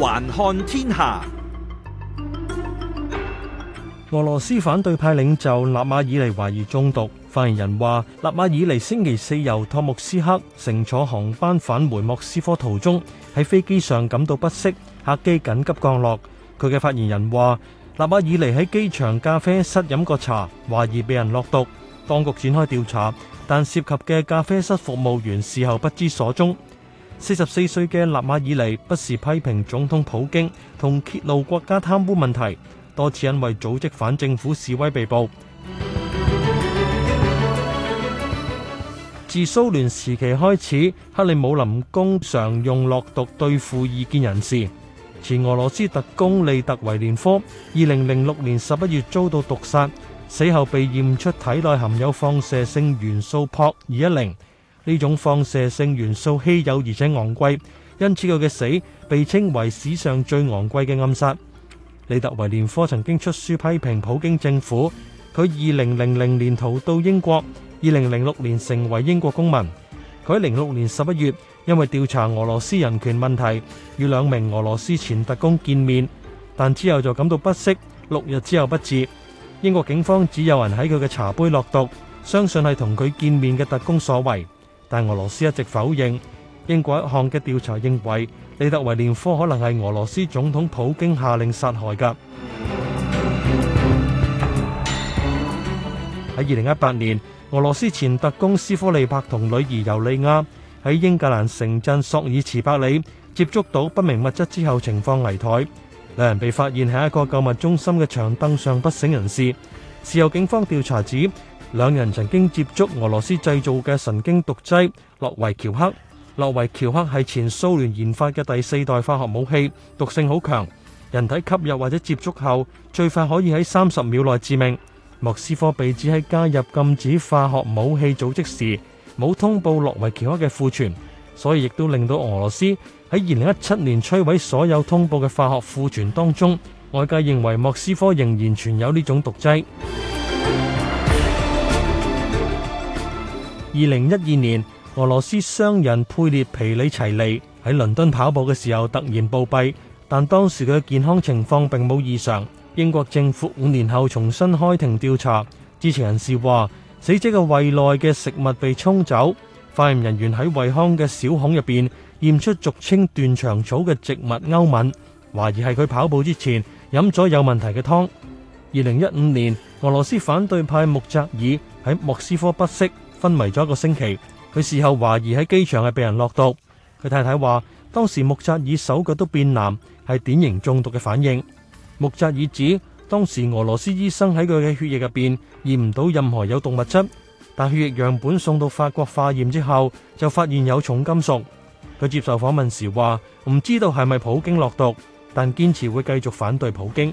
環看天下，俄羅斯反對派領袖納瓦爾尼懷疑中毒。發言人話，納瓦爾尼星期四由托木斯克乘坐航班返回莫斯科途中，喺飛機上感到不適，客機緊急降落。佢嘅發言人話，納瓦爾尼喺機場咖啡室飲過茶，懷疑被人落毒，當局展開調查，但涉及嘅咖啡室服務員事後不知所蹤。四十四歲嘅納瓦爾尼不時批評總統普京，同揭露國家貪污問題，多次因為組織反政府示威被捕。 自蘇聯時期開始，克里姆林宮常用落毒對付異見人士。前俄羅斯特工利特維連科二零零六年十一月遭到毒殺，死後被驗出體內含有放射性元素釙二一零。呢種放射性元素稀有而且昂貴，因此佢嘅死被稱為史上最昂貴嘅暗殺。李特維連科曾經出書批評普京政府。佢二零零零年逃到英國，二零零六年成為英國公民。佢喺零六年十一月因為調查俄羅斯人權問題，與兩名俄羅斯前特工見面，但之後就感到不適，六日之後不治。英國警方指有人喺佢嘅茶杯落毒，相信係同佢見面嘅特工所為。但俄羅斯一直否認。英國一項嘅調查認為，利特維年科可能係俄羅斯總統普京下令殺害嘅。喺二零一八年，俄羅斯前特工斯科利帕同女兒尤利婭喺英格蘭城鎮索爾茲伯里接觸到不明物質之後，情況危殆，兩人被發現喺一個購物中心嘅長凳上不省人事。事後警方調查指，兩人曾經接觸俄羅斯製造嘅神經毒劑,諾維喬克。諾維喬克係前蘇聯研發嘅第四代化學武器,毒性好強。人體吸入或者接觸後,最快可以喺三十秒內致命。莫斯科被指喺加入禁止化學武器組織時,冇通報諾維喬克嘅庫存。所以亦都令到俄羅斯喺二零一七年摧毀所有通報嘅化學庫存當中,外界認為莫斯科仍然存有這種毒劑。諾維喬黑。二零一二年，俄羅斯商人佩列皮里齊利喺倫敦跑步嘅時候突然暴斃，但當時佢嘅健康情況並冇異常。英國政府五年後重新開庭調查，知情人士話，死者嘅胃內嘅食物被沖走，化驗人員喺胃腔嘅小孔入邊驗出俗稱斷腸草嘅植物歐敏，懷疑係佢跑步之前飲咗有問題嘅湯。二零一五年，俄羅斯反對派穆扎爾喺莫斯科不適。昏迷咗一個星期，佢事後懷疑喺機場係被人落毒。佢太太話，當時穆扎爾手腳都變藍，係典型中毒嘅反應。穆扎爾指，當時俄羅斯醫生喺佢嘅血液入邊驗唔到任何有毒物質，但血液樣本送到法國化驗之後，就發現有重金屬。佢接受訪問時話，唔知道係咪普京落毒，但堅持會繼續反對普京。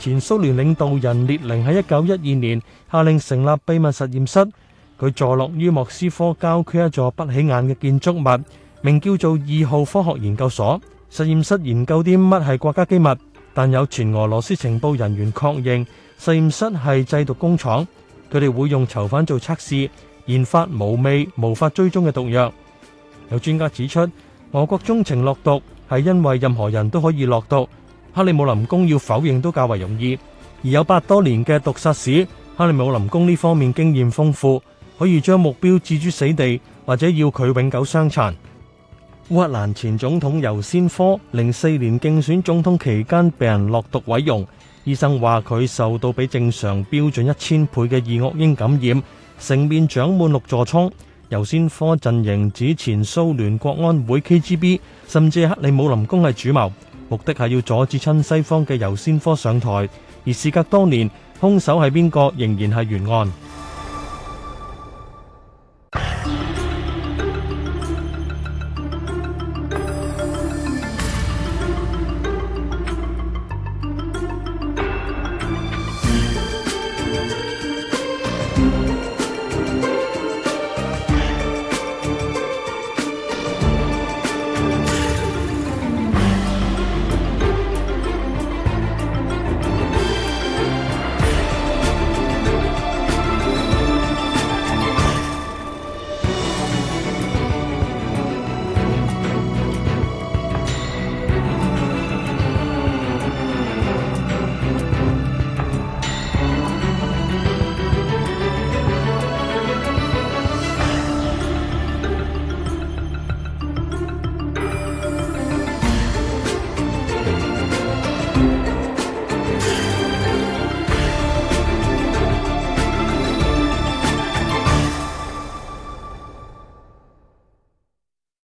前蘇聯領導人列寧喺一九一二年下令成立秘密實驗室，佢坐落於莫斯科郊區一座不起眼嘅建築物，名叫做二號科學研究所。實驗室研究啲乜係國家機密，但有全俄羅斯情報人員確認實驗室係製毒工廠，佢哋會用囚犯做測試，研發無味、無法追蹤嘅毒藥。有專家指出，俄國鍾情落毒係因為任何人都可以落毒。克里姆林宮要否認都較為容易，而有百多年嘅毒殺史，克里姆林宮呢方面經驗豐富，可以將目標置諸死地或者要佢永久傷殘。烏克蘭前總統尤先科零四年競選總統期間被人落毒毀容，醫生話佢受到比正常標準一千倍嘅二惡英感染，成面長滿六座瘡。尤先科陣營指前蘇聯國安會 KGB 甚至克里姆林宮係主謀。目的係要阻止親西方嘅尤先科上台，而事隔多年，兇手係邊個仍然係懸案。